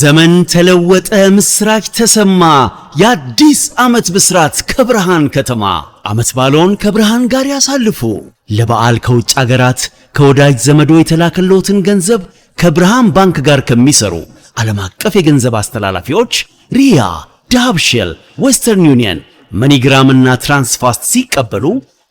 ዘመን ተለወጠ፣ ምስራች ተሰማ፣ የአዲስ ዓመት ብስራት ከብርሃን ከተማ። ዓመት ባለውን ከብርሃን ጋር ያሳልፉ። ለበዓል ከውጭ አገራት ከወዳጅ ዘመዶ የተላከለዎትን ገንዘብ ከብርሃን ባንክ ጋር ከሚሰሩ ዓለም አቀፍ የገንዘብ አስተላላፊዎች ሪያ፣ ዳብሽል ዌስተርን ዩኒየን፣ መኒግራም እና ትራንስፋስት ሲቀበሉ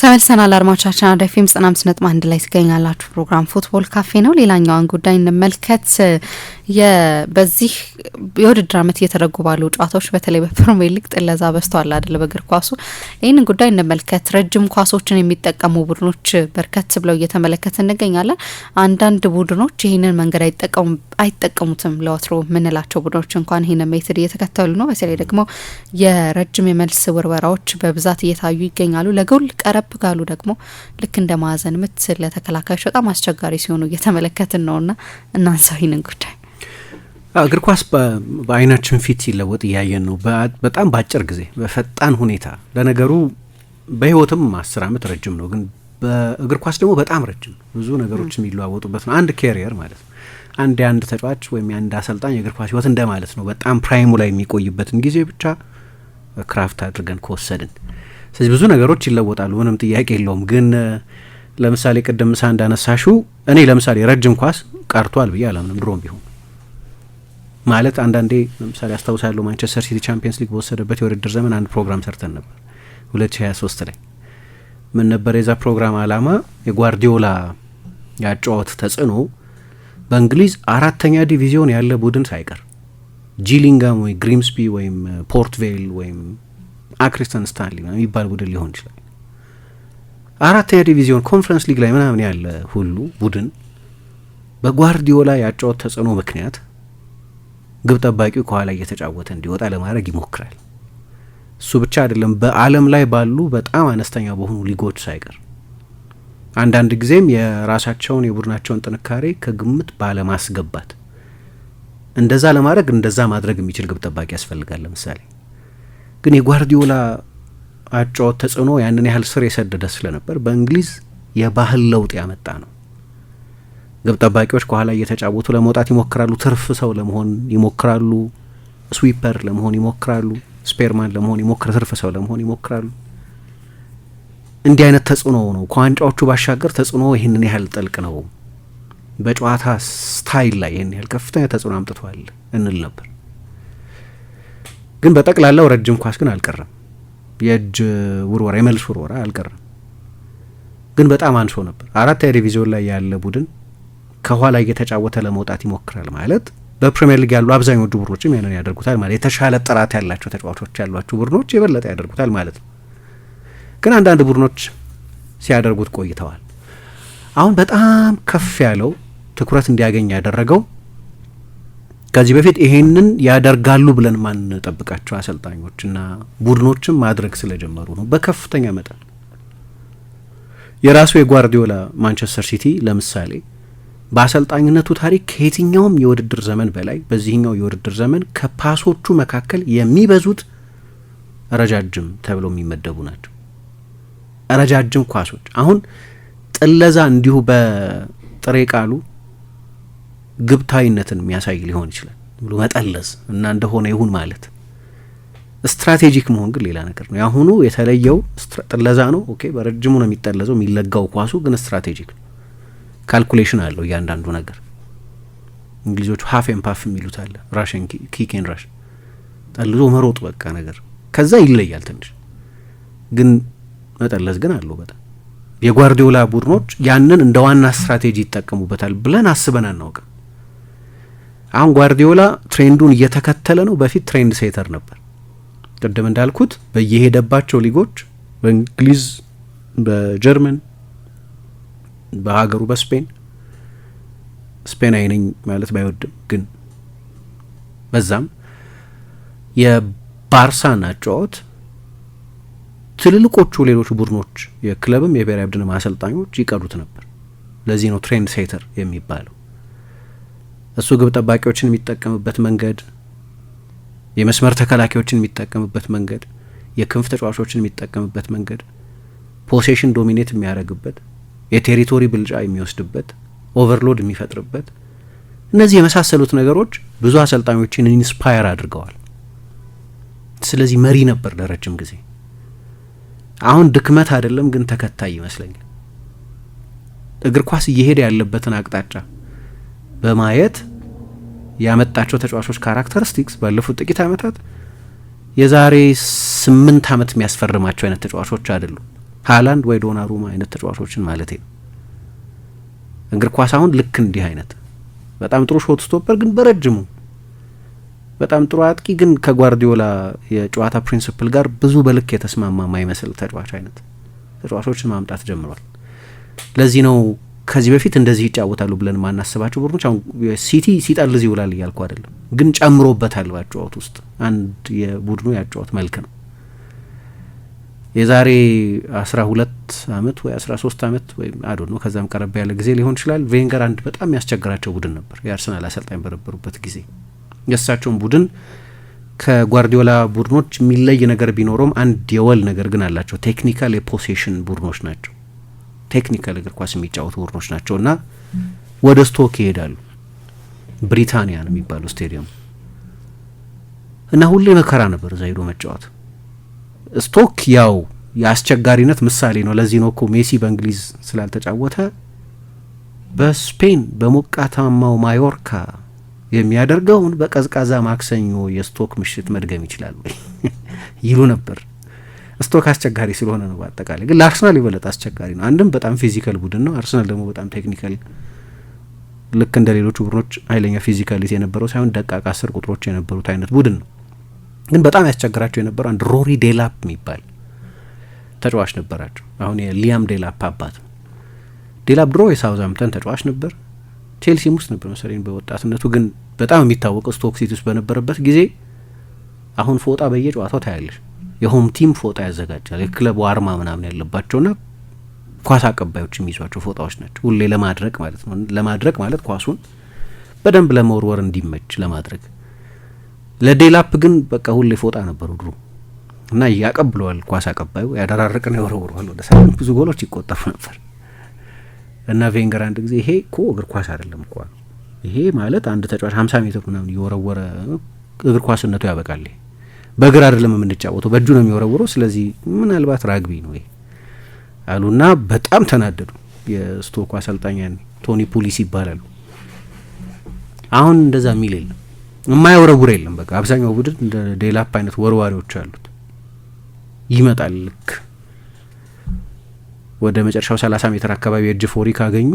ተመልሰናል አድማጮቻችን፣ አራዳ ኤፍ ኤም ዘጠና አምስት ነጥብ አንድ ላይ ትገኛላችሁ። ፕሮግራም ፉትቦል ካፌ ነው። ሌላኛዋን ጉዳይ እንመልከት። በዚህ የውድድር ዓመት እየተደረጉ ባሉ ጨዋታዎች በተለይ በፕሪሚየር ሊግ ጥለዛ በዝቷል አይደለ? በእግር ኳሱ ይህንን ጉዳይ እንመልከት። ረጅም ኳሶችን የሚጠቀሙ ቡድኖች በርከት ብለው እየተመለከት እንገኛለን። አንዳንድ ቡድኖች ይህንን መንገድ አይጠቀሙትም። ለወትሮ የምንላቸው ቡድኖች እንኳን ይህን ሜትድ እየተከተሉ ነው። በተለይ ደግሞ የረጅም የመልስ ውርወራዎች በብዛት እየታዩ ይገኛሉ። ለጎል ቀረብ ካሉ ደግሞ ልክ እንደ ማዕዘን ምት ለተከላካዮች በጣም አስቸጋሪ ሲሆኑ እየተመለከትን ነውና እናንሳው ይህንን ጉዳይ እግር ኳስ በአይናችን ፊት ሲለወጥ እያየን ነው። በጣም በአጭር ጊዜ በፈጣን ሁኔታ ለነገሩ በህይወትም አስር ዓመት ረጅም ነው፣ ግን በእግር ኳስ ደግሞ በጣም ረጅም ነው። ብዙ ነገሮች የሚለዋወጡበት ነው። አንድ ኬሪየር ማለት ነው። አንድ የአንድ ተጫዋች ወይም የአንድ አሰልጣኝ የእግር ኳስ ህይወት እንደማለት ነው። በጣም ፕራይሙ ላይ የሚቆይበትን ጊዜ ብቻ ክራፍት አድርገን ከወሰድን፣ ስለዚህ ብዙ ነገሮች ይለወጣሉ። ምንም ጥያቄ የለውም። ግን ለምሳሌ ቅድም ምሳ እንዳነሳሹ እኔ ለምሳሌ ረጅም ኳስ ቀርቷል ብዬ አላምንም ድሮም ቢሆን ማለት አንዳንዴ ለምሳሌ አስታውሳለሁ ማንቸስተር ሲቲ ቻምፒየንስ ሊግ በወሰደበት የውድድር ዘመን አንድ ፕሮግራም ሰርተን ነበር 2023 ላይ ምን ነበር የዛ ፕሮግራም አላማ የጓርዲዮላ ያጫወት ተጽዕኖ በእንግሊዝ አራተኛ ዲቪዚዮን ያለ ቡድን ሳይቀር ጂሊንጋም ወይ ግሪምስቢ ወይም ፖርትቬል ወይም አክሪስተን ስታንሊ የሚባል ቡድን ሊሆን ይችላል አራተኛ ዲቪዚዮን ኮንፈረንስ ሊግ ላይ ምናምን ያለ ሁሉ ቡድን በጓርዲዮላ ያጫወት ተጽዕኖ ምክንያት ግብ ጠባቂው ከኋላ እየተጫወተ እንዲወጣ ለማድረግ ይሞክራል። እሱ ብቻ አይደለም፣ በዓለም ላይ ባሉ በጣም አነስተኛ በሆኑ ሊጎች ሳይቀር አንዳንድ ጊዜም የራሳቸውን የቡድናቸውን ጥንካሬ ከግምት ባለማስገባት እንደዛ ለማድረግ እንደዛ ማድረግ የሚችል ግብ ጠባቂ ያስፈልጋል። ለምሳሌ ግን የጓርዲዮላ አጫወት ተጽዕኖ ያንን ያህል ስር የሰደደ ስለነበር በእንግሊዝ የባህል ለውጥ ያመጣ ነው። ግብ ጠባቂዎች ከኋላ እየተጫወቱ ለመውጣት ይሞክራሉ። ትርፍ ሰው ለመሆን ይሞክራሉ። ስዊፐር ለመሆን ይሞክራሉ። ስፔርማን ለመሆን ይሞክር ትርፍ ሰው ለመሆን ይሞክራሉ። እንዲህ አይነት ተጽዕኖ ነው። ከዋንጫዎቹ ባሻገር ተጽዕኖ ይህንን ያህል ጥልቅ ነው። በጨዋታ ስታይል ላይ ይህን ያህል ከፍተኛ ተጽዕኖ አምጥቷል እንል ነበር። ግን በጠቅላላው ረጅም ኳስ ግን አልቀረም። የእጅ ውርወራ፣ የመልስ ውርወራ አልቀረም። ግን በጣም አንሶ ነበር። አራት ዲቪዚዮን ላይ ያለ ቡድን ከኋላ እየተጫወተ ለመውጣት ይሞክራል ማለት በፕሪምየር ሊግ ያሉ አብዛኞቹ ቡድኖችም ያንን ያደርጉታል ማለት የተሻለ ጥራት ያላቸው ተጫዋቾች ያሏቸው ቡድኖች የበለጠ ያደርጉታል ማለት ነው። ግን አንዳንድ ቡድኖች ሲያደርጉት ቆይተዋል። አሁን በጣም ከፍ ያለው ትኩረት እንዲያገኝ ያደረገው ከዚህ በፊት ይሄንን ያደርጋሉ ብለን ማንጠብቃቸው አሰልጣኞችና ቡድኖችም ማድረግ ስለጀመሩ ነው። በከፍተኛ መጠን የራሱ የጓርዲዮላ ማንቸስተር ሲቲ ለምሳሌ በአሰልጣኝነቱ ታሪክ ከየትኛውም የውድድር ዘመን በላይ በዚህኛው የውድድር ዘመን ከፓሶቹ መካከል የሚበዙት ረጃጅም ተብለው የሚመደቡ ናቸው። ረጃጅም ኳሶች አሁን ጥለዛ እንዲሁ በጥሬ ቃሉ ግብታዊነትን የሚያሳይ ሊሆን ይችላል ብሎ መጠለዝ እና እንደሆነ ይሁን ማለት ስትራቴጂክ መሆን ግን ሌላ ነገር ነው። የአሁኑ የተለየው ጥለዛ ነው። ኦኬ፣ በረጅሙ ነው የሚጠለዘው የሚለጋው ኳሱ ግን ስትራቴጂክ ነው። ካልኩሌሽን አለው እያንዳንዱ ነገር። እንግሊዞቹ ሀፍ ኤን ፓፍ የሚሉት አለ፣ ራሽን ኪኬን ራሽ ጠልዞ መሮጥ በቃ ነገር ከዛ ይለያል ትንሽ ግን መጠለዝ ግን አለው በጣም የጓርዲዮላ ቡድኖች ያንን እንደ ዋና ስትራቴጂ ይጠቀሙበታል ብለን አስበን አናውቅም። አሁን ጓርዲዮላ ትሬንዱን እየተከተለ ነው። በፊት ትሬንድ ሴተር ነበር። ቅድም እንዳልኩት በየሄደባቸው ሊጎች በእንግሊዝ፣ በጀርመን በሀገሩ በስፔን ስፔን አይነኝ ማለት ባይወድም ግን በዛም የባርሳን አጨዋወት ትልልቆቹ ሌሎች ቡድኖች የክለብም የብሔራዊ ቡድንም አሰልጣኞች ይቀዱት ነበር። ለዚህ ነው ትሬንድ ሴተር የሚባለው። እሱ ግብ ጠባቂዎችን የሚጠቀምበት መንገድ፣ የመስመር ተከላካዮችን የሚጠቀምበት መንገድ፣ የክንፍ ተጫዋቾችን የሚጠቀምበት መንገድ፣ ፖሴሽን ዶሚኔት የሚያደርግበት የቴሪቶሪ ብልጫ የሚወስድበት ኦቨርሎድ የሚፈጥርበት እነዚህ የመሳሰሉት ነገሮች ብዙ አሰልጣኞችን ኢንስፓየር አድርገዋል። ስለዚህ መሪ ነበር ለረጅም ጊዜ። አሁን ድክመት አይደለም ግን ተከታይ ይመስለኛል። እግር ኳስ እየሄደ ያለበትን አቅጣጫ በማየት ያመጣቸው ተጫዋቾች ካራክተሪስቲክስ ባለፉት ጥቂት ዓመታት የዛሬ ስምንት ዓመት የሚያስፈርማቸው አይነት ተጫዋቾች አይደሉም። ሃላንድ ወይ ዶናሩማ አይነት ተጫዋቾችን ማለት ነው። እግር ኳስ አሁን ልክ እንዲህ አይነት በጣም ጥሩ ሾት ስቶፐር ግን በረጅሙ በጣም ጥሩ አጥቂ ግን ከጓርዲዮላ የጨዋታ ፕሪንስፕል ጋር ብዙ በልክ የተስማማ ማይመስል ተጫዋች አይነት ተጫዋቾችን ማምጣት ጀምሯል። ለዚህ ነው ከዚህ በፊት እንደዚህ ይጫወታሉ ብለን ማናስባቸው ቡድኖች አሁን ሲቲ ሲጠልዝ ይውላል እያልኩ አይደለም፣ ግን ጨምሮበታል በጨዋቱ ውስጥ አንድ የቡድኑ ያጫወት መልክ ነው። የዛሬ አስራ ሁለት አመት ወይ አስራ ሶስት አመት ወይም አዶ ነው ከዛም ቀረብ ያለ ጊዜ ሊሆን ይችላል ቬንገር አንድ በጣም ያስቸግራቸው ቡድን ነበር የአርሰናል አሰልጣኝ በነበሩበት ጊዜ የእሳቸውን ቡድን ከጓርዲዮላ ቡድኖች የሚለይ ነገር ቢኖረውም አንድ የወል ነገር ግን አላቸው። ቴክኒካል የፖሴሽን ቡድኖች ናቸው። ቴክኒካል እግር ኳስ የሚጫወቱ ቡድኖች ናቸው እና ወደ ስቶክ ይሄዳሉ። ብሪታንያ ነው የሚባለው ስቴዲየም እና ሁሌ መከራ ነበር እዛ ሄዶ መጫወት ስቶክ ያው የአስቸጋሪነት ምሳሌ ነው። ለዚህ ነው እኮ ሜሲ በእንግሊዝ ስላልተጫወተ በስፔን በሞቃታማው ማዮርካ የሚያደርገውን በቀዝቃዛ ማክሰኞ የስቶክ ምሽት መድገም ይችላል ወይ ይሉ ነበር። ስቶክ አስቸጋሪ ስለሆነ ነው። በአጠቃላይ ግን ለአርሰናል የበለጠ አስቸጋሪ ነው። አንድም በጣም ፊዚካል ቡድን ነው። አርሰናል ደግሞ በጣም ቴክኒካል ልክ እንደ ሌሎቹ ቡድኖች ኃይለኛ ፊዚካሊቲ የነበረው ሳይሆን ደቃቅ አስር ቁጥሮች የነበሩት አይነት ቡድን ነው። ግን በጣም ያስቸግራቸው የነበረው አንድ ሮሪ ዴላፕ የሚባል ተጫዋች ነበራቸው። አሁን የሊያም ዴላፕ አባት ነው። ዴላፕ ድሮ የሳውዛምተን ተጫዋች ነበር፣ ቼልሲም ውስጥ ነበር መሰለኝ በወጣትነቱ። ግን በጣም የሚታወቀው ስቶክ ሲቲ ውስጥ በነበረበት ጊዜ አሁን ፎጣ በየጨዋታው ታያለሽ። የሆም ቲም ፎጣ ያዘጋጃል። የክለቡ አርማ ምናምን ያለባቸውና ኳስ አቀባዮች የሚይዟቸው ፎጣዎች ናቸው። ሁሌ ለማድረቅ ማለት ነው። ለማድረቅ ማለት ኳሱን በደንብ ለመወርወር እንዲመች ለማድረግ ለዴላፕ ግን በቃ ሁሌ ፎጣ ነበሩ ድሮ እና ያቀብለዋል ኳስ አቀባዩ ነው ይወረውረዋል ወደ ሳይሆን ብዙ ጎሎች ይቆጠፉ ነበር። እና ቬንገር አንድ ጊዜ ይሄ እኮ እግር ኳስ አይደለም እኮ ይሄ ማለት አንድ ተጫዋች ሀምሳ ሜትር ምናምን እየወረወረ እግር ኳስነቱ ያበቃል። በእግር አይደለም የምንጫወተው በእጁ ነው የሚወረውረው። ስለዚህ ምናልባት ራግቢ ነው ይሄ አሉና በጣም ተናደዱ። የስቶክ አሰልጣኝ ቶኒ ፑሊስ ይባላሉ። አሁን እንደዛ የሚል የለም። የማይወረውር የለም። በቃ አብዛኛው ቡድን እንደ ዴላፕ አይነት ወርዋሪዎች አሉት። ይመጣል ልክ ወደ መጨረሻው 30 ሜትር አካባቢ የእጅ ፎሪ ካገኙ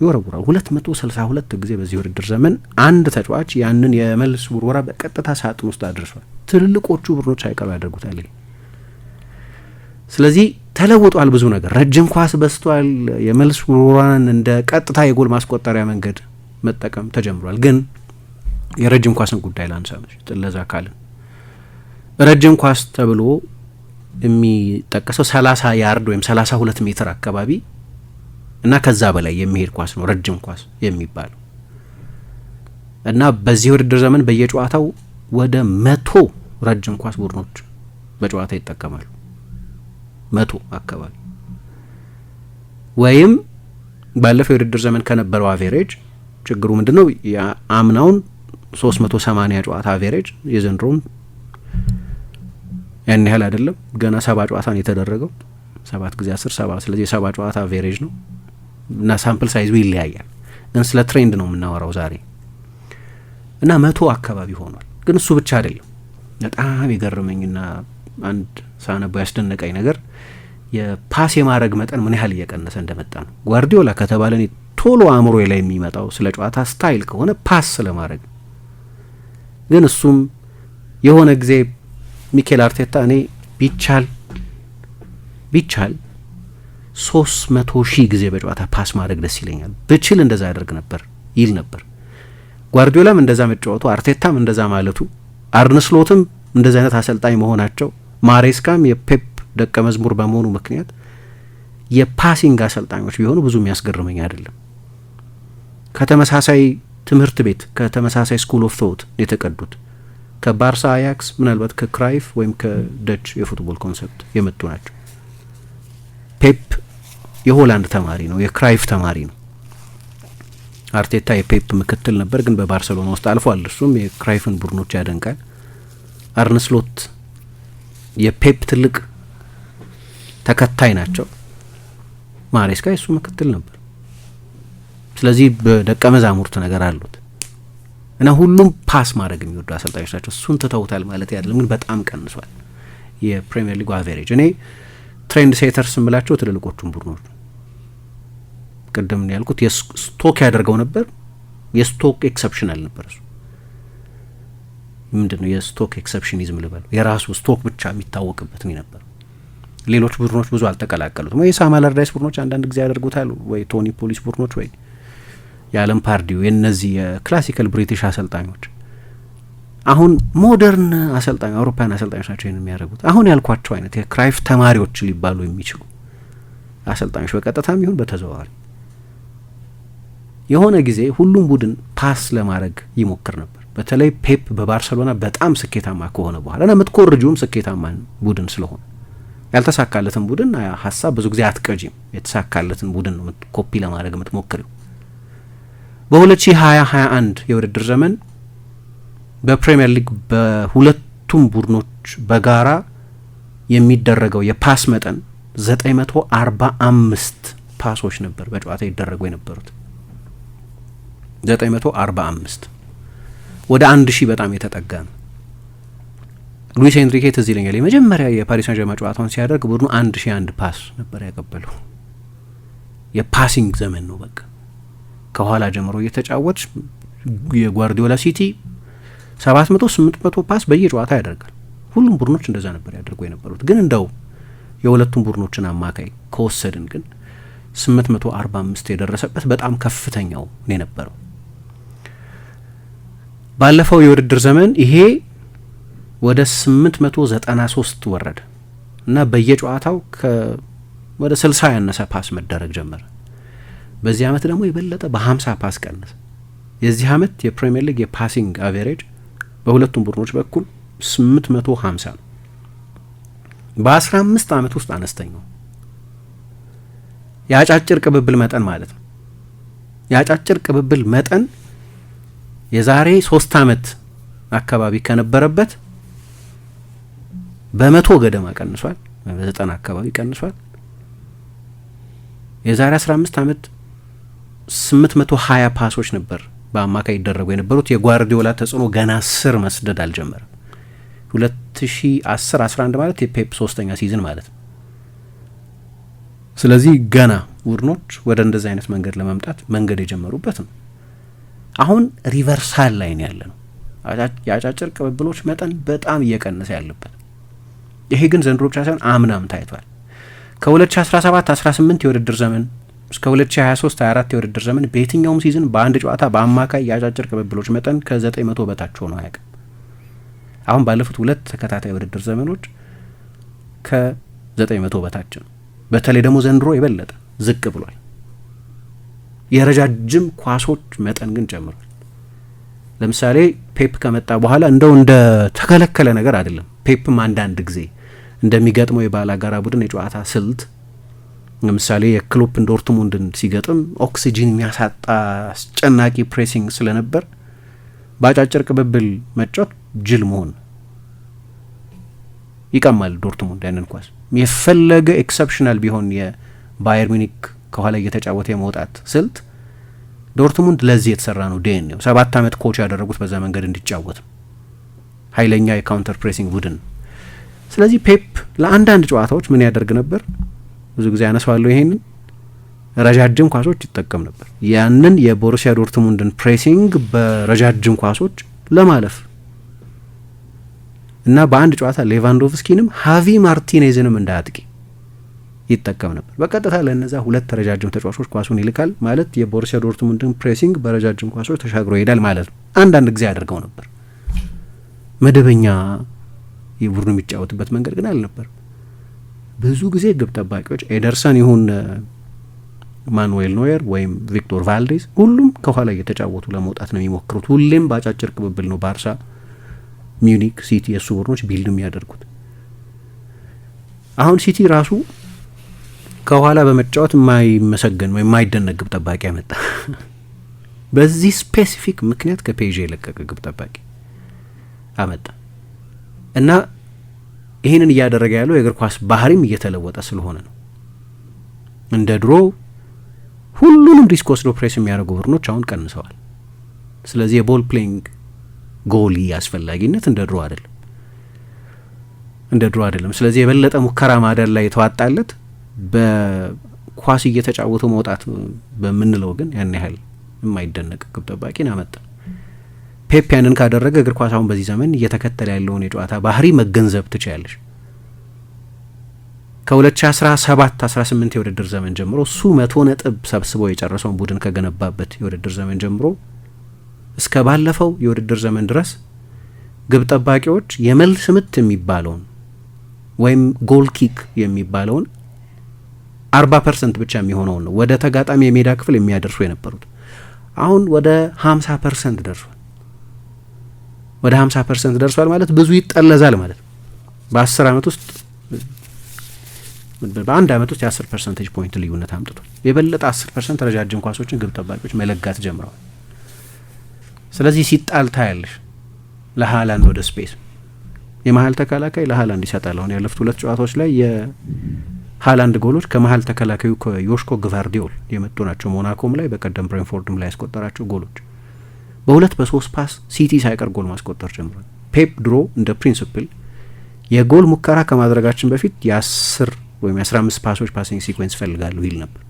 ይወረውራል። 262 ጊዜ በዚህ ውድድር ዘመን አንድ ተጫዋች ያንን የመልስ ውርወራ በቀጥታ ሳጥን ውስጥ አድርሷል። ትልልቆቹ ቡድኖች አይቀሩ ያደርጉታል። ስለዚህ ተለውጧል። ብዙ ነገር ረጅም ኳስ በስቷል። የመልስ ውርወራን እንደ ቀጥታ የጎል ማስቆጠሪያ መንገድ መጠቀም ተጀምሯል ግን የረጅም ኳስን ጉዳይ ላንሳ ነች ጥለዛ ካልን ረጅም ኳስ ተብሎ የሚጠቀሰው ሰላሳ ያርድ ወይም ሰላሳ ሁለት ሜትር አካባቢ እና ከዛ በላይ የሚሄድ ኳስ ነው ረጅም ኳስ የሚባለው እና በዚህ ውድድር ዘመን በየጨዋታው ወደ መቶ ረጅም ኳስ ቡድኖች በጨዋታ ይጠቀማሉ። መቶ አካባቢ ወይም ባለፈው የውድድር ዘመን ከነበረው አቬሬጅ ችግሩ ምንድን ነው? የአምናውን ሶስት መቶ ሰማኒያ ጨዋታ አቬሬጅ የዘንድሮም ያን ያህል አይደለም። ገና ሰባ ጨዋታ ነው የተደረገው። ሰባት ጊዜ አስር ሰባ ስለዚህ የሰባ ጨዋታ አቬሬጅ ነው እና ሳምፕል ሳይዙ ይለያያል። ግን ስለ ትሬንድ ነው የምናወራው ዛሬ እና መቶ አካባቢ ሆኗል። ግን እሱ ብቻ አይደለም። በጣም የገረመኝና አንድ ሳነበው ያስደነቀኝ ነገር የፓስ የማድረግ መጠን ምን ያህል እየቀነሰ እንደመጣ ነው። ጓርዲዮላ ከተባለ እኔ ቶሎ አእምሮ ላይ የሚመጣው ስለ ጨዋታ ስታይል ከሆነ ፓስ ስለማድረግ ግን እሱም የሆነ ጊዜ ሚኬል አርቴታ እኔ ቢቻል ቢቻል ሶስት መቶ ሺህ ጊዜ በጨዋታ ፓስ ማድረግ ደስ ይለኛል ብችል እንደዛ ያደርግ ነበር ይል ነበር። ጓርዲዮላም እንደዛ መጫወቱ፣ አርቴታም እንደዛ ማለቱ፣ አርንስሎትም እንደዚ አይነት አሰልጣኝ መሆናቸው፣ ማሬስካም የፔፕ ደቀ መዝሙር በመሆኑ ምክንያት የፓሲንግ አሰልጣኞች ቢሆኑ ብዙ የሚያስገርመኝ አይደለም ከተመሳሳይ ትምህርት ቤት ከተመሳሳይ ስኩል ኦፍ ቶት የተቀዱት ከባርሳ አያክስ፣ ምናልባት ከክራይፍ ወይም ከደች የፉትቦል ኮንሰፕት የመጡ ናቸው። ፔፕ የሆላንድ ተማሪ ነው፣ የክራይፍ ተማሪ ነው። አርቴታ የፔፕ ምክትል ነበር፣ ግን በባርሰሎና ውስጥ አልፏል። እሱም የክራይፍን ቡድኖች ያደንቃል። አርንስሎት የፔፕ ትልቅ ተከታይ ናቸው። ማሬስካ የእሱ ምክትል ነበር። ስለዚህ በደቀ መዛሙርት ነገር አሉት እና ሁሉም ፓስ ማድረግ የሚወዱ አሰልጣኞች ናቸው። እሱን ትተውታል ማለት አይደለም፣ ግን በጣም ቀንሷል የፕሪምየር ሊጉ አቬሬጅ። እኔ ትሬንድ ሴተርስ ምላቸው ትልልቆቹን ቡድኖች ቅድም ያልኩት የስቶክ ያደርገው ነበር። የስቶክ ኤክሰፕሽን አልነበር እሱ ምንድን ነው የስቶክ ኤክሰፕሽኒዝም ልበል፣ የራሱ ስቶክ ብቻ የሚታወቅበት ነው ነበር። ሌሎች ቡድኖች ብዙ አልተቀላቀሉትም። ወይ ሳም አላርዳይስ ቡድኖች አንዳንድ ጊዜ ያደርጉታል፣ ወይ ቶኒ ፖሊስ ቡድኖች ወይ የአለም ፓርዲው የነዚህ የክላሲካል ብሪቲሽ አሰልጣኞች አሁን ሞደርን አሰልጣኝ አውሮፓያን አሰልጣኞች ናቸው ይህን የሚያደርጉት። አሁን ያልኳቸው አይነት የክራይፍ ተማሪዎች ሊባሉ የሚችሉ አሰልጣኞች በቀጥታም ይሁን በተዘዋዋሪ የሆነ ጊዜ ሁሉም ቡድን ፓስ ለማድረግ ይሞክር ነበር። በተለይ ፔፕ በባርሰሎና በጣም ስኬታማ ከሆነ በኋላ እና የምትኮርጂውም ስኬታማ ቡድን ስለሆነ ያልተሳካለትን ቡድን ሀሳብ ብዙ ጊዜ አትቀጂም። የተሳካለትን ቡድን ነው ኮፒ ለማድረግ የምትሞክሪው። በ2020/21 የውድድር ዘመን በፕሪምየር ሊግ በሁለቱም ቡድኖች በጋራ የሚደረገው የፓስ መጠን 945 ፓሶች ነበር በጨዋታ ይደረጉ የነበሩት 945 ወደ አንድ ሺህ በጣም የተጠጋ ነው። ሉዊስ ኤንሪኬ ትዝ ይለኛል የመጀመሪያ የፓሪስ አንጀርማ ጨዋታውን ሲያደርግ ቡድኑ አንድ ሺህ አንድ ፓስ ነበር ያቀበለው። የፓሲንግ ዘመን ነው በቃ ከኋላ ጀምሮ እየተጫወት የጓርዲዮላ ሲቲ ሰባት መቶ ስምንት መቶ ፓስ በየጨዋታ ያደርጋል። ሁሉም ቡድኖች እንደዛ ነበር ያደርጉ የነበሩት። ግን እንደው የሁለቱም ቡድኖችን አማካይ ከወሰድን ግን ስምንት መቶ አርባ የደረሰበት በጣም ከፍተኛው ነው የነበረው። ባለፈው የውድድር ዘመን ይሄ ወደ 893 ወረደ እና በየጨዋታው ወደ 60 ያነሰ ፓስ መደረግ ጀመረ። በዚህ አመት ደግሞ የበለጠ በ50 ፓስ ቀነሰ። የዚህ አመት የፕሪምየር ሊግ የፓሲንግ አቬሬጅ በሁለቱም ቡድኖች በኩል 850 ነው። በ15 አመት ውስጥ አነስተኛው የአጫጭር ቅብብል መጠን ማለት ነው። የአጫጭር ቅብብል መጠን የዛሬ ሶስት አመት አካባቢ ከነበረበት በመቶ ገደማ ቀንሷል። በዘጠና አካባቢ ቀንሷል። የዛሬ አምስት አመት 820 ፓሶች ነበር በአማካይ ይደረጉ የነበሩት። የጓርዲዮላ ተጽዕኖ ገና ስር መስደድ አልጀመረም። 2010 11 ማለት የፔፕ ሶስተኛ ሲዝን ማለት ነው። ስለዚህ ገና ቡድኖች ወደ እንደዚህ አይነት መንገድ ለመምጣት መንገድ የጀመሩበት ነው። አሁን ሪቨርሳል ላይ ያለ ነው። የአጫጭር ቅብብሎች መጠን በጣም እየቀነሰ ያለበት ይሄ ግን ዘንድሮ ብቻ ሳይሆን አምናም ታይቷል። ከ2017 18 የውድድር ዘመን እስከ 2023/24 የውድድር ዘመን በየትኛውም ሲዝን በአንድ ጨዋታ በአማካይ የአጫጭር ቅብብሎች መጠን ከ900 በታች ሆኖ አያውቅም። አሁን ባለፉት ሁለት ተከታታይ የውድድር ዘመኖች ከ900 በታች ነው። በተለይ ደግሞ ዘንድሮ የበለጠ ዝቅ ብሏል። የረጃጅም ኳሶች መጠን ግን ጨምሯል። ለምሳሌ ፔፕ ከመጣ በኋላ እንደው እንደ ተከለከለ ነገር አይደለም። ፔፕም አንዳንድ ጊዜ እንደሚገጥመው የባላጋራ ቡድን የጨዋታ ስልት ለምሳሌ የክሎፕን ዶርትሙንድን ሲገጥም ኦክሲጂን የሚያሳጣ አስጨናቂ ፕሬሲንግ ስለነበር በአጫጭር ቅብብል መጫወት ጅል መሆን ይቀማል። ዶርትሙንድ ያንን ኳስ የፈለገ ኤክሰፕሽናል ቢሆን የባየር ሚኒክ ከኋላ እየተጫወተ የመውጣት ስልት ዶርትሙንድ ለዚህ የተሰራ ነው። ዴን ነው ሰባት ዓመት ኮች ያደረጉት በዛ መንገድ እንዲጫወት ኃይለኛ የካውንተር ፕሬሲንግ ቡድን። ስለዚህ ፔፕ ለአንዳንድ ጨዋታዎች ምን ያደርግ ነበር? ብዙ ጊዜ አነሳዋለሁ ይሄንን ረጃጅም ኳሶች ይጠቀም ነበር። ያንን የቦሩሲያ ዶርትሙንድን ፕሬሲንግ በረጃጅም ኳሶች ለማለፍ እና በአንድ ጨዋታ ሌቫንዶቭስኪንም ሀቪ ማርቲኔዝንም እንደ አጥቂ ይጠቀም ነበር። በቀጥታ ለነዛ ሁለት ረጃጅም ተጫዋቾች ኳሱን ይልካል ማለት የቦሩሲያ ዶርትሙንድን ፕሬሲንግ በረጃጅም ኳሶች ተሻግሮ ይሄዳል ማለት ነው። አንዳንድ ጊዜ አድርገው ነበር። መደበኛ የቡድኑ የሚጫወትበት መንገድ ግን አልነበር። ብዙ ጊዜ ግብ ጠባቂዎች ኤደርሰን ይሁን ማኑዌል ኖየር ወይም ቪክቶር ቫልዴዝ ሁሉም ከኋላ እየተጫወቱ ለመውጣት ነው የሚሞክሩት። ሁሌም በአጫጭር ቅብብል ነው ባርሳ፣ ሚዩኒክ፣ ሲቲ የእሱ ቡድኖች ቢልድ የሚያደርጉት። አሁን ሲቲ ራሱ ከኋላ በመጫወት የማይመሰገን ወይም የማይደነቅ ግብ ጠባቂ ያመጣ በዚህ ስፔሲፊክ ምክንያት ከፔዥ የለቀቀ ግብ ጠባቂ አመጣ እና ይህንን እያደረገ ያለው የእግር ኳስ ባህሪም እየተለወጠ ስለሆነ ነው። እንደ ድሮ ሁሉንም ሪስክ ወስዶ ፕሬስ የሚያደርጉ ቡድኖች አሁን ቀንሰዋል። ስለዚህ የቦል ፕሌይንግ ጎሊ አስፈላጊነት እንደ ድሮ አይደለም እንደ ድሮ አይደለም። ስለዚህ የበለጠ ሙከራ ማደር ላይ የተዋጣለት በኳስ እየተጫወቱ መውጣት በምንለው ግን ያን ያህል የማይደነቅ ግብ ጠባቂን አመጣ። ፔፕ ያንን ካደረገ እግር ኳስ አሁን በዚህ ዘመን እየተከተለ ያለውን የጨዋታ ባህሪ መገንዘብ ትችላለች። ከ2017 18 የውድድር ዘመን ጀምሮ እሱ መቶ ነጥብ ሰብስቦ የጨረሰውን ቡድን ከገነባበት የውድድር ዘመን ጀምሮ እስከ ባለፈው የውድድር ዘመን ድረስ ግብ ጠባቂዎች የመልስ ምት የሚባለውን ወይም ጎል ኪክ የሚባለውን አርባ ፐርሰንት ብቻ የሚሆነውን ነው ወደ ተጋጣሚ የሜዳ ክፍል የሚያደርሱ የነበሩት። አሁን ወደ ሀምሳ ፐርሰንት ደርሷል። ወደ 50 ፐርሰንት ደርሷል ማለት ብዙ ይጠለዛል ማለት ነው። በ10 ውስጥ በአንድ አመት ውስጥ የአስር 10 ፐርሰንቴጅ ፖይንት ልዩነት አምጥቷል። የበለጠ 10 ፐርሰንት ረጃጅም ኳሶችን ግብ ጠባቂዎች መለጋት ጀምረዋል። ስለዚህ ሲጣል ታያለሽ። ለሃላንድ ወደ ስፔስ የመሀል ተከላካይ ለሃላንድ ይሰጣል። አሁን ያለፉት ሁለት ጨዋታዎች ላይ የሃላንድ ጎሎች ከመሀል ተከላካዩ ከዮሽኮ ግቫርዲዮል የመጡ ናቸው። ሞናኮም ላይ በቀደም ብሬንፎርድም ላይ ያስቆጠራቸው ጎሎች በሁለት በሶስት ፓስ ሲቲ ሳይቀር ጎል ማስቆጠር ጀምሯል። ፔፕ ድሮ እንደ ፕሪንስፕል የጎል ሙከራ ከማድረጋችን በፊት የአስር ወይም የአስራ አምስት ፓሶች ፓሲንግ ሲኮንስ ፈልጋለሁ ይል ነበር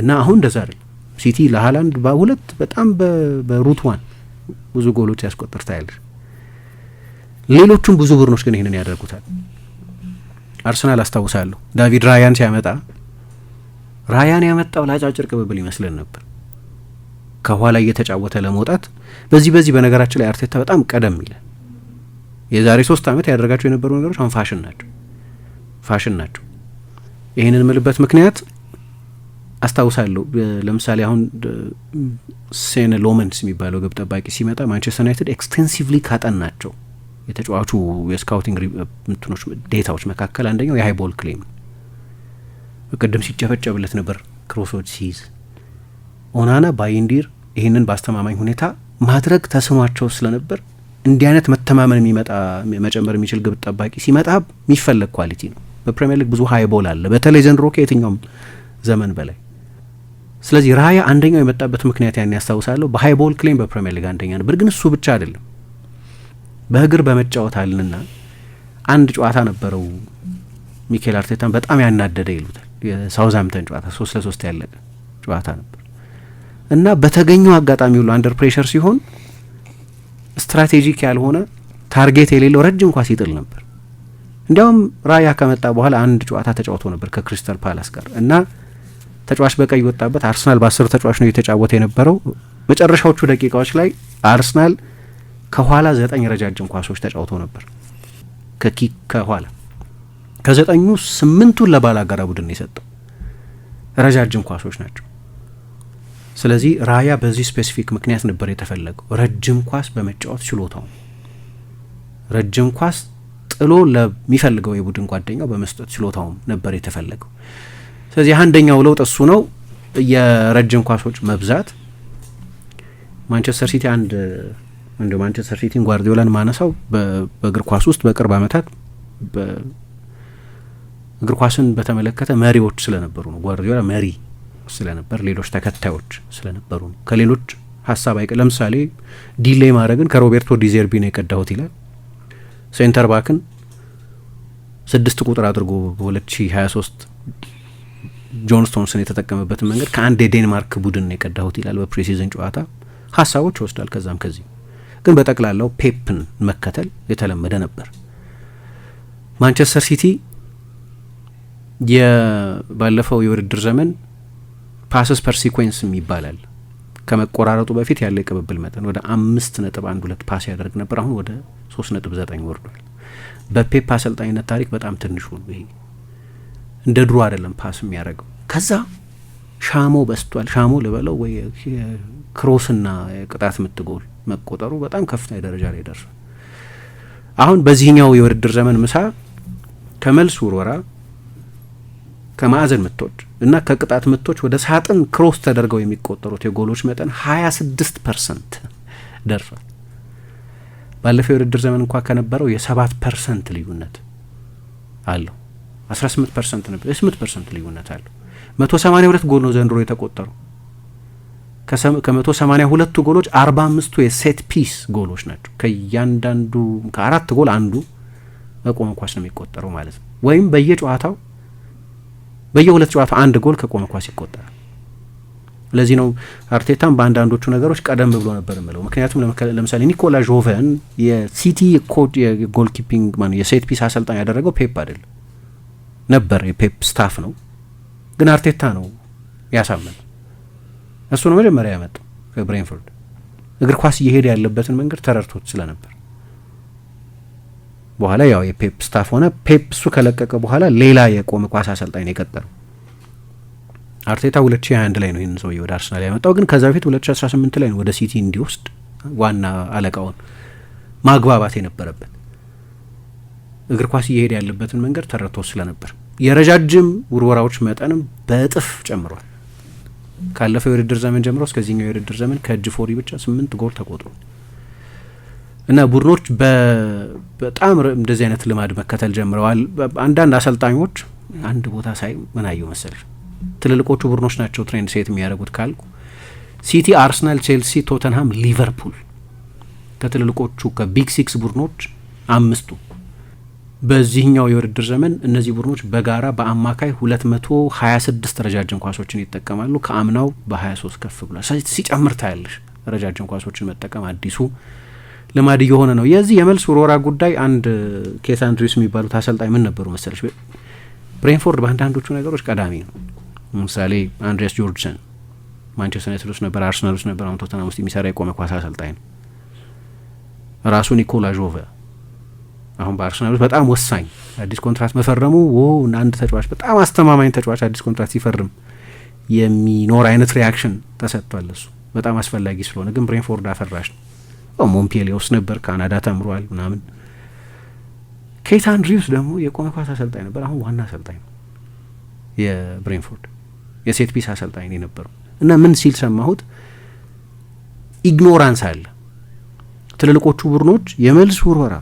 እና አሁን እንደዛ አይደለም። ሲቲ ለሀላንድ በሁለት በጣም በሩት ዋን ብዙ ጎሎች ያስቆጠር ታያለሽ። ሌሎቹም ብዙ ቡድኖች ግን ይህንን ያደርጉታል። አርሰናል አስታውሳለሁ ዳቪድ ራያን ሲያመጣ ራያን ያመጣው ለአጫጭር ቅብብል ይመስለን ነበር ከኋላ እየተጫወተ ለመውጣት በዚህ በዚህ በነገራችን ላይ አርቴታ በጣም ቀደም ይላል። የዛሬ ሶስት ዓመት ያደረጋቸው የነበሩ ነገሮች አሁን ፋሽን ናቸው ፋሽን ናቸው። ይህንን ምልበት ምክንያት አስታውሳለሁ። ለምሳሌ አሁን ሴን ሎመንስ የሚባለው ግብ ጠባቂ ሲመጣ ማንቸስተር ዩናይትድ ኤክስቴንሲቭሊ ካጠናቸው የተጫዋቹ የስካውቲንግ ምትኖች ዴታዎች መካከል አንደኛው የሃይቦል ክሌም ቅድም ሲጨፈጨብለት ነበር ክሮሶች ሲይዝ ኦናና ባይንዲር ይህንን በአስተማማኝ ሁኔታ ማድረግ ተስኗቸው ስለነበር እንዲህ አይነት መተማመን የሚመጣ መጨመር የሚችል ግብ ጠባቂ ሲመጣ የሚፈለግ ኳሊቲ ነው። በፕሪሚየር ሊግ ብዙ ሀይ ቦል አለ፣ በተለይ ዘንድሮ ከየትኛውም ዘመን በላይ። ስለዚህ ራያ አንደኛው የመጣበት ምክንያት ያን ያስታውሳለሁ። በሀይ ቦል ክሌም በፕሪሚየር ሊግ አንደኛ ነበር። ግን እሱ ብቻ አይደለም፣ በእግር በመጫወት አልንና አንድ ጨዋታ ነበረው ሚኬል አርቴታን በጣም ያናደደ ይሉታል። የሳውዛምተን ጨዋታ ሶስት ለሶስት ያለቀ ጨዋታ ነበር። እና በተገኘው አጋጣሚ ሁሉ አንደር ፕሬሸር ሲሆን ስትራቴጂክ ያልሆነ ታርጌት የሌለው ረጅም ኳስ ይጥል ነበር። እንዲያውም ራያ ከመጣ በኋላ አንድ ጨዋታ ተጫውቶ ነበር ከክሪስታል ፓላስ ጋር እና ተጫዋች በቀይ ወጣበት። አርሰናል በአስር ተጫዋች ነው እየተጫወተ የነበረው። መጨረሻዎቹ ደቂቃዎች ላይ አርሰናል ከኋላ ዘጠኝ ረጃጅም ኳሶች ተጫውቶ ነበር ከኪ ከኋላ ከዘጠኙ ስምንቱን ለባላጋራ ቡድን የሰጠው ረጃጅም ኳሶች ናቸው። ስለዚህ ራያ በዚህ ስፔሲፊክ ምክንያት ነበር የተፈለገው። ረጅም ኳስ በመጫወት ችሎታው ረጅም ኳስ ጥሎ ለሚፈልገው የቡድን ጓደኛው በመስጠት ችሎታውም ነበር የተፈለገው። ስለዚህ አንደኛው ለውጥ እሱ ነው፣ የረጅም ኳሶች መብዛት። ማንቸስተር ሲቲ አንድ እንደ ማንቸስተር ሲቲን ጓርዲዮላን ማነሳው በእግር ኳስ ውስጥ በቅርብ ዓመታት እግር ኳስን በተመለከተ መሪዎች ስለነበሩ ነው። ጓርዲዮላ መሪ ስለነበር ሌሎች ተከታዮች ስለነበሩ ነው። ከሌሎች ሀሳብ አይቀ ለምሳሌ ዲሌይ ማድረግን ከሮቤርቶ ዲዜርቢ ነው የቀዳሁት ይላል። ሴንተር ባክን ስድስት ቁጥር አድርጎ ሀያ ሶስት ጆን ስቶንስን የተጠቀመበትን መንገድ ከአንድ የዴንማርክ ቡድን ነው የቀዳሁት ይላል። በፕሬሲዝን ጨዋታ ሀሳቦች ይወስዳል። ከዛም ከዚህ ግን በጠቅላላው ፔፕን መከተል የተለመደ ነበር። ማንቸስተር ሲቲ የባለፈው የውድድር ዘመን ፓስስ ፐር ሲኮንስ ይባላል። ከመቆራረጡ በፊት ያለ የቅብብል መጠን ወደ አምስት ነጥብ አንድ ሁለት ፓስ ያደርግ ነበር። አሁን ወደ ሶስት ነጥብ ዘጠኝ ወርዷል። በፔፕ አሰልጣኝነት ታሪክ በጣም ትንሹ ነው። ይሄ እንደ ድሮ አይደለም ፓስ የሚያደርገው። ከዛ ሻሞ በስቷል። ሻሞ ልበለው ወይ ክሮስና ቅጣት ምትጎል መቆጠሩ በጣም ከፍተኛ ደረጃ ላይ ደርሱ። አሁን በዚህኛው የውድድር ዘመን ምሳ ከመልስ ውርወራ ከማዕዘን ምትወድ እና ከቅጣት ምቶች ወደ ሳጥን ክሮስ ተደርገው የሚቆጠሩት የጎሎች መጠን 26 ፐርሰንት ደርሷል። ባለፈው የውድድር ዘመን እንኳ ከነበረው የሰባት ፐርሰንት ልዩነት አለው። 18 ፐርሰንት ነበር፣ የስምንት ልዩነት አለው። 182 ጎል ነው ዘንድሮ የተቆጠረው። ከ182ቱ ጎሎች 45ቱ የሴት ፒስ ጎሎች ናቸው። ከእያንዳንዱ ከአራት ጎል አንዱ በቆመ ነው የሚቆጠረው ማለት ነው ወይም በየጨዋታው በየሁለት ጨዋታ አንድ ጎል ከቆመ ኳስ ይቆጠራል። ለዚህ ነው አርቴታም በአንዳንዶቹ ነገሮች ቀደም ብሎ ነበር ምለው ምክንያቱም ለምሳሌ ኒኮላ ጆቨን የሲቲ ኮድ የጎል ኪፒንግ ማ የሴት ፒስ አሰልጣኝ ያደረገው ፔፕ አይደለም ነበር፣ የፔፕ ስታፍ ነው። ግን አርቴታ ነው ያሳመን። እሱ ነው መጀመሪያ ያመጣው ከብሬንፎርድ እግር ኳስ እየሄደ ያለበትን መንገድ ተረድቶት ስለነበር በኋላ ያው የፔፕ ስታፍ ሆነ። ፔፕ እሱ ከለቀቀ በኋላ ሌላ የቆመ ኳስ አሰልጣኝ ነው የቀጠረው። አርቴታ 2021 ላይ ነው ይህን ሰውዬ ወደ አርሰናል ያመጣው፣ ግን ከዛ በፊት 2018 ላይ ነው ወደ ሲቲ እንዲወስድ ዋና አለቃውን ማግባባት የነበረበት እግር ኳስ እየሄደ ያለበትን መንገድ ተረድቶ ስለነበር የረጃጅም ውርወራዎች መጠንም በእጥፍ ጨምሯል። ካለፈው የውድድር ዘመን ጀምሮ እስከዚህኛው የውድድር ዘመን ከእጅ ፎሪ ብቻ ስምንት ጎል ተቆጥሯል። እና ቡድኖች በጣም እንደዚህ አይነት ልማድ መከተል ጀምረዋል። አንዳንድ አሰልጣኞች አንድ ቦታ ሳይ ምን አየሁ መሰል ትልልቆቹ ቡድኖች ናቸው ትሬንድ ሴት የሚያደርጉት ካልኩ ሲቲ፣ አርሰናል፣ ቼልሲ፣ ቶተንሃም፣ ሊቨርፑል ከትልልቆቹ ከቢግ ሲክስ ቡድኖች አምስቱ በዚህኛው የውድድር ዘመን እነዚህ ቡድኖች በጋራ በአማካይ 226 ረጃጅም ኳሶችን ይጠቀማሉ። ከአምናው በ23 ከፍ ብሏል። ሲጨምር ታያለሽ ረጃጅም ኳሶችን መጠቀም አዲሱ ልማድ እየሆነ ነው። የዚህ የመልስ ውርወራ ጉዳይ አንድ ኬት አንድሪውስ የሚባሉት አሰልጣኝ ምን ነበሩ መሰለች፣ ብሬንፎርድ በአንዳንዶቹ ነገሮች ቀዳሚ ነው። ለምሳሌ አንድሪያስ ጆርጅሰን ማንቸስተር ዩናይትድ ውስጥ ነበር፣ አርሰናል ውስጥ ነበር፣ አሁን ቶተናም ውስጥ የሚሰራ የቆመ ኳስ አሰልጣኝ ነው። ራሱ ኒኮላ ዦቨ አሁን በአርሰናል ውስጥ በጣም ወሳኝ አዲስ ኮንትራት መፈረሙ አንድ ተጫዋች በጣም አስተማማኝ ተጫዋች አዲስ ኮንትራት ሲፈርም የሚኖር አይነት ሪያክሽን ተሰጥቷል። እሱ በጣም አስፈላጊ ስለሆነ ግን ብሬንፎርድ አፈራሽ ነው። ሞምፔሌ ውስጥ ነበር፣ ካናዳ ተምሯል ምናምን። ኬት አንድሪውስ ደግሞ የቆመ ኳስ አሰልጣኝ ነበር፣ አሁን ዋና አሰልጣኝ ነው የብሬንፎርድ የሴት ፒስ አሰልጣኝ ነው የነበረው። እና ምን ሲል ሰማሁት? ኢግኖራንስ አለ ትልልቆቹ ቡድኖች የመልስ ውርወራ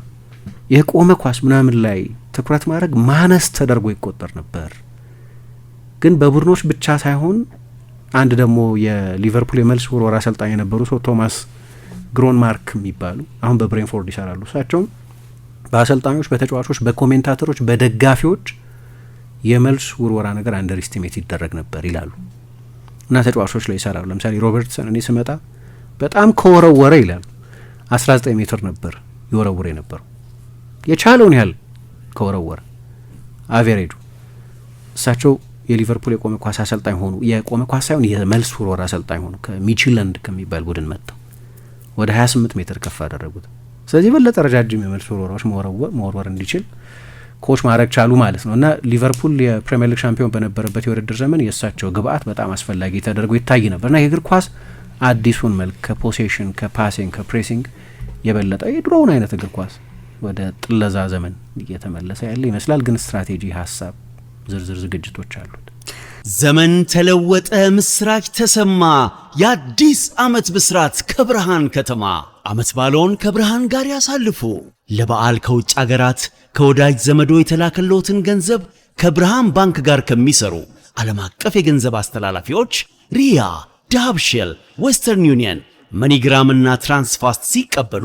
የቆመ ኳስ ምናምን ላይ ትኩረት ማድረግ ማነስ ተደርጎ ይቆጠር ነበር። ግን በቡድኖች ብቻ ሳይሆን አንድ ደግሞ የሊቨርፑል የመልስ ውርወራ አሰልጣኝ የነበሩ ሰው ቶማስ ግሮን ማርክ የሚባሉ አሁን በብሬንፎርድ ይሰራሉ። እሳቸውም በአሰልጣኞች፣ በተጫዋቾች፣ በኮሜንታተሮች፣ በደጋፊዎች የመልስ ውርወራ ነገር አንደር ኢስቲሜት ይደረግ ነበር ይላሉ እና ተጫዋቾች ላይ ይሰራሉ። ለምሳሌ ሮበርትሰን እኔ ስመጣ በጣም ከወረወረ ይላሉ 19 ሜትር ነበር ይወረውር የነበረው የቻለውን ያህል ከወረወረ አቬሬጁ። እሳቸው የሊቨርፑል የቆመ ኳስ አሰልጣኝ ሆኑ። የቆመ ኳስ ሳይሆን የመልስ ውርወራ አሰልጣኝ ሆኑ። ከሚችለንድ ከሚባል ቡድን መጥተው ወደ 28 ሜትር ከፍ አደረጉት። ስለዚህ በለጠ ረጃጅም የመልስ ወረራዎች መወርወር እንዲችል ኮች ማድረግ ቻሉ ማለት ነው እና ሊቨርፑል የፕሪምየር ሊግ ሻምፒዮን በነበረበት የውድድር ዘመን የእሳቸው ግብአት በጣም አስፈላጊ ተደርጎ ይታይ ነበር እና የእግር ኳስ አዲሱን መልክ ከፖሴሽን ከፓሲንግ ከፕሬሲንግ የበለጠ የድሮውን አይነት እግር ኳስ ወደ ጥለዛ ዘመን እየተመለሰ ያለ ይመስላል። ግን ስትራቴጂ፣ ሀሳብ፣ ዝርዝር ዝግጅቶች አሉት። ዘመን ተለወጠ፣ ምስራች ተሰማ፣ የአዲስ ዓመት ብስራት ከብርሃን ከተማ። ዓመት ባለውን ከብርሃን ጋር ያሳልፉ። ለበዓል ከውጭ አገራት ከወዳጅ ዘመዶ የተላከለውትን ገንዘብ ከብርሃን ባንክ ጋር ከሚሰሩ ዓለም አቀፍ የገንዘብ አስተላላፊዎች ሪያ፣ ዳብሽል ዌስተርን ዩኒየን፣ መኒግራም እና ትራንስፋስት ሲቀበሉ